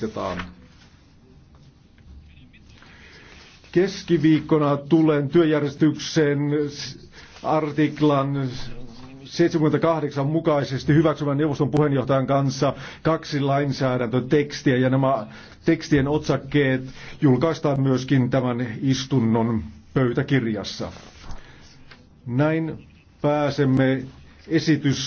tarkistetaan. Keskiviikkona tulen työjärjestyksen artiklan 78 mukaisesti hyväksymän neuvoston puheenjohtajan kanssa kaksi lainsäädäntötekstiä ja nämä tekstien otsakkeet julkaistaan myöskin tämän istunnon pöytäkirjassa. Näin pääsemme esitys